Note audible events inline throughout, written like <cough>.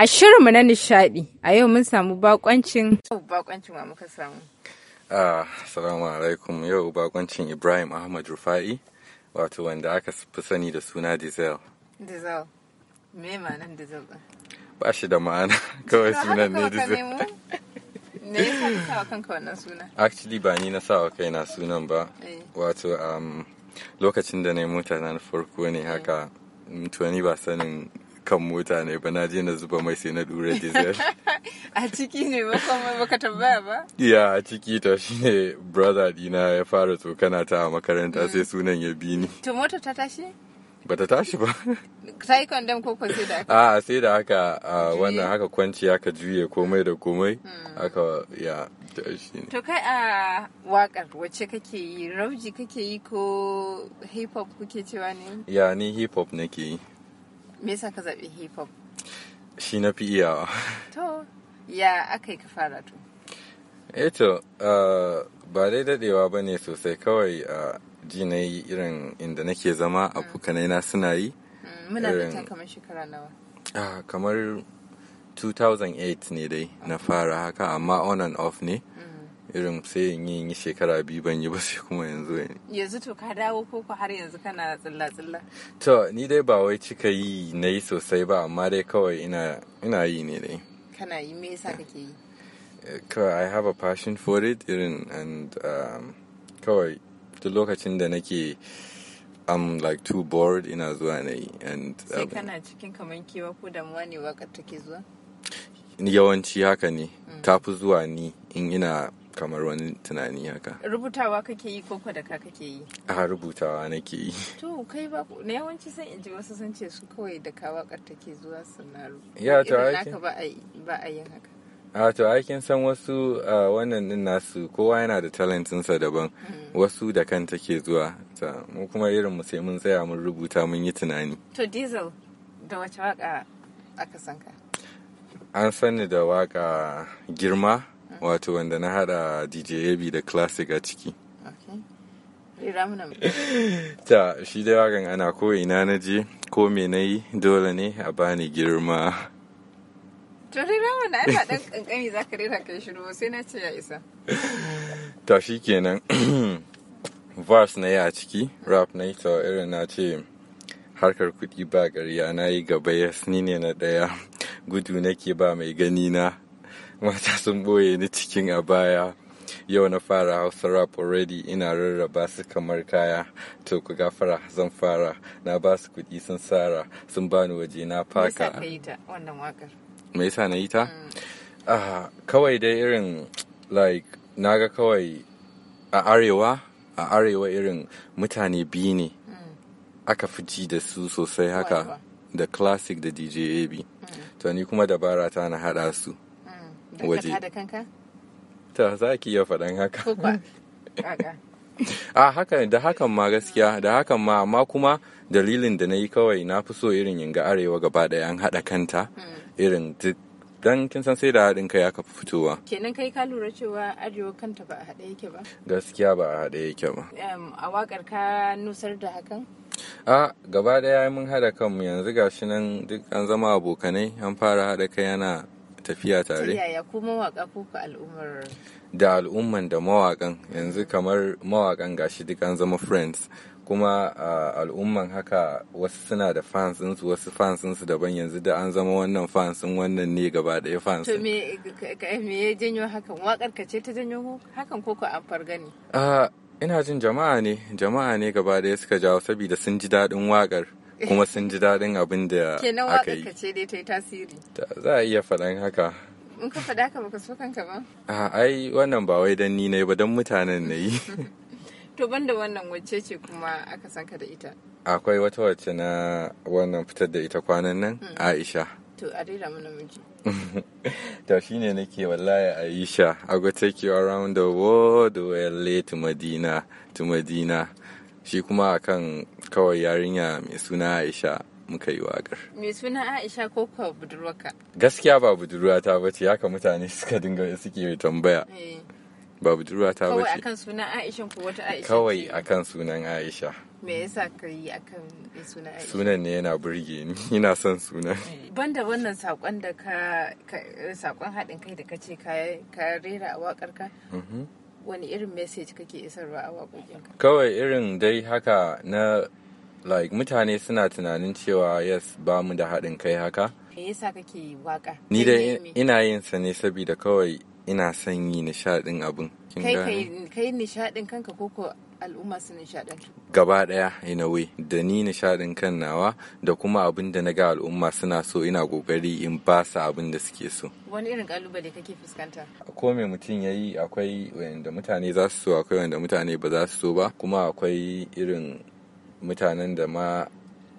A shirinmu na nishaɗi, a yau mun samu bakoncin. Bakoncin wa muka samu. Ah, assalamu alaikum yau bakoncin Ibrahim Ahmad Rufa'i wato wanda aka fi sani da suna Dizel. Dizel, me ma'anan Dizel ba? shi da ma'ana <laughs> kawai sunan ne Dizel. Me yasa ka kanka wannan sunan? Actually ba ni na sawa kai na sunan ba. Eh. Wato um, lokacin da na yi mota na farko ne haka. Eh. Tuwani ba sanin kan mota ne ba na je na zuba mai sai na dura diesel <laughs> a ciki ne ba kuma baka tambaya ba ya a ciki ta shine brother dina ya fara tsokana ta a makaranta sai mm. sunan ya bi ni to mota ta tashi ba ta tashi ba <laughs> ta yi kwandam ko ko sai da aka a sai da aka wannan haka kwanci aka juye komai da komai mm. aka ya To kai a wakar wacce kake yi, rauji kake yi ko hip hop kuke cewa ne? Ya ni hip hop nake yi. me yasa ka zaɓi hip hop shi na fi iyawa to ya aka yi ka fara to eto eh ba dai dadewa ba ne sosai kawai ji na yi irin inda nake zama kukanai mm. na suna yi mm, muna da kamar shekara nawa kamar 2008 ne dai na fara haka amma on and off ne mm. irin sai in yi yi shekara biyu ban yi ba sai kuma yanzu yanzu to ka dawo ko ku har yanzu kana tsilla tsilla to ni dai ba wai cika yi na yi sosai ba amma dai kawai ina ina yi ne dai kana yi me yasa kake yi eh, kawai I have a passion for it irin and um, kawai duk lokacin da nake I'm like too bored ina zuwa na yi and sai um, kana cikin kamar kewa ko damuwa ne wakar take zuwa yawanci haka ne mm. ta fi zuwa ni in ina kamar wani tunani haka rubutawa kake yi ko da ka kake yi a rubutawa nake yi <laughs> to kai ba na yawanci san in ji wasu sun ce su kawai da ka wakar ke zuwa sanaru ya to aikin ba a yin haka a to aikin san wasu wannan din nasu kowa yana da talentinsa daban hmm. wasu da kan take zuwa mu kuma irin mu sai mun tsaya mun rubuta mun yi tunani to diesel da wace waka aka san ka an sani da waka girma wato wanda na hada DJ Yabi da Classic a ciki. <laughs> ta shi dai wakan ana ko ina na je ko me na yi dole ne a bani girma. tori rama na ana dan kankani za ka rera kai shiru sai na ce ya isa. <laughs> Ta shi kenan <clears throat> verse na yi a ciki rap na yi ta irin na ce harkar kuɗi ba ƙarya na yi gaba ya ne na ɗaya gudu nake ba mai gani na mata sun boye ni cikin a baya yau na fara hausa rap already ina rarraba su kamar kaya to ku gafara zan fara na ba su kuɗi sun sara sun bani waje na faka me yasa na yi ta mm. ah, kawai dai irin like naga kawai a arewa a arewa irin mutane biyu ne mm. aka fi ji da su sosai haka da classic da dj ab mm. to ni kuma dabara ta na hada su waje ta za ki iya faɗan haka <laughs> a haka da hakan ma gaskiya da hakan ma amma kuma dalilin da na yi kawai na fi so irin yanga arewa gaba ɗaya an haɗa kanta hmm. irin dan kin san sai da haɗin kai aka fi fitowa kenan kai ka lura cewa arewa kanta ba a haɗe yake ba gaskiya ba a haɗe yake ba a waƙar ka nusar da hakan a gaba ɗaya mun haɗa kanmu yanzu gashi nan duk an zama abokanai an fara haɗa kai yana tafiya tare yaya kuma waka ko al'ummar da al'umman da mawakan yanzu kamar mawakan gashi duk an zama friends kuma al'umman haka wasu suna da fansinsu wasu fansinsu daban yanzu da an zama wannan fansin wannan ne gaba ɗaya fansin. To me ya janyo hakan wakar ka ce ta janyo hakan ko an fargani? ina jin jama'a ne jama'a ne gaba ya suka jawo saboda sun ji daɗin waƙar. <laughs> kuma sun ji daɗin abin da aka yi. Kenan ce dai ta yi tasiri. Za a iya faɗan haka. In ka faɗa ka baka so kanka ba? A ai wannan ba wai dan ni ne ba dan mutanen na yi. <laughs> To ban da wannan wacce ce kuma aka san ka da ita? Akwai wata wacce na wannan fitar da ita kwanan nan hmm. Aisha. To a rera mana miji. <laughs> To na nake wallahi Aisha I go take you around the world where to Madina, to Madina. shi kuma akan kawai yarinya mai suna aisha muka yi wakar. Mai suna Aisha ko kuwa budurwarka? Gaskiya ba budurwata ba ce haka mutane suka dinga suke tambaya. Eh. Ba budurwata ba ce. Kawai akan sunan Aisha ko wata Aisha? Kawai akan sunan Aisha. Me yasa ka yi akan sunan Aisha? Sunan ne yana burge ni, <laughs> ina son sunan. Eh, banda wannan saƙon da ka haɗin kai da ka ce ka rera a waƙar ka. Mm-hmm. wani irin message kake isarwa a waƙoƙinka kawai irin dai haka na like mutane suna tunanin cewa yes ba mu da haɗin kai haka me yasa kake waka ni dai ina yin sa ne saboda kawai ina son yi nishaɗin abin. Kai kai nishaɗin kanka koko al'umma su nishadin. Gaba ɗaya in a da ni nishaɗin kan nawa da kuma abin da na ga al'umma suna so ina ƙoƙari in ba su abin da suke so. Wani irin kalubale kake fuskanta? Ko me mutum ya yi akwai wanda mutane za su so akwai wanda mutane ba za su so ba kuma akwai irin mutanen da ma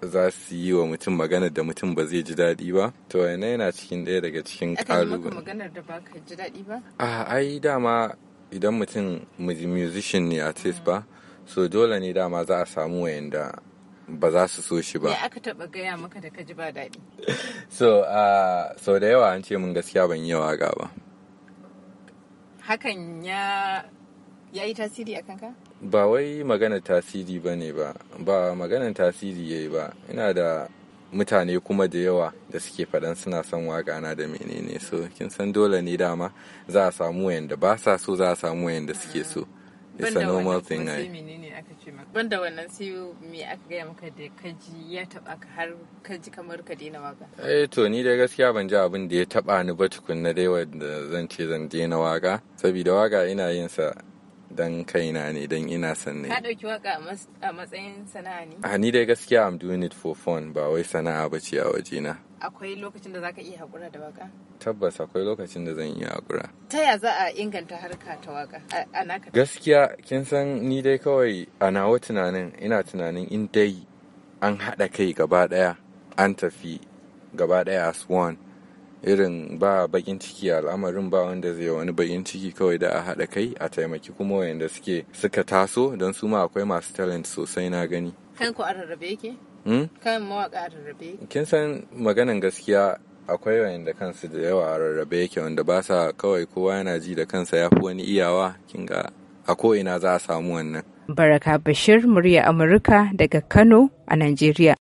za su yi wa mutum magana da mutum ba zai ji daɗi ba to yana yana cikin ɗaya daga cikin ƙalubale maganar da ba ji daɗi ba a ai dama idan mutum musician ne artist ba so dole ne dama za a samu wayanda ba za su so shi ba. Ya aka taba gaya maka da ka ji ba daɗi. <laughs> So, uh, so da yawa an ce mun gaskiya ban yi ga ba. Hakan ya ya yi tasiri a kanka? ba wai magana tasiri ba ne ba ba maganan tasiri yayi ba ina da mutane kuma da yawa da suke faɗan suna son waka na da menene so kin san dole ne dama za a samu wayanda ba sa so za a samu wayanda suke so it's a normal thing ai banda wannan sai me aka gaya maka da kaji ya taba ka har kaji kamar ka daina waka eh to ni da gaskiya ban ji abin da ya taba ni ba tukunna dai wanda zan ce zan daina waka saboda waka ina yin sa dan kaina ne dan ina sanne ka dauki waka a matsayin sana'a ne a ah, ni dai gaskiya I'm doing it for fun ba wai sana'a ba ce a wajena akwai lokacin da zaka iya hakura da waka tabbas akwai lokacin da zan iya hakura ta ya za a inganta harka ta waka a naka gaskiya kin san ni dai kawai a nawa tunanin ina tunanin in dai an haɗa kai gaba ɗaya an tafi gaba ɗaya as one irin ba bakin ciki al'amarin ba wanda zai wani bakin ciki kawai da a haɗa kai a taimaki kuma wanda suke suka taso don su ma akwai masu talent sosai na gani kan a rarrabe yake hmm? kan mawaka a rarrabe kin san maganan gaskiya akwai wayanda kansu da yawa a rarrabe yake wanda ba sa kawai kowa yana ji da kansa ya fi wani iyawa kin ga a ko'ina za a samu wannan baraka bashir murya amurka daga kano a najeriya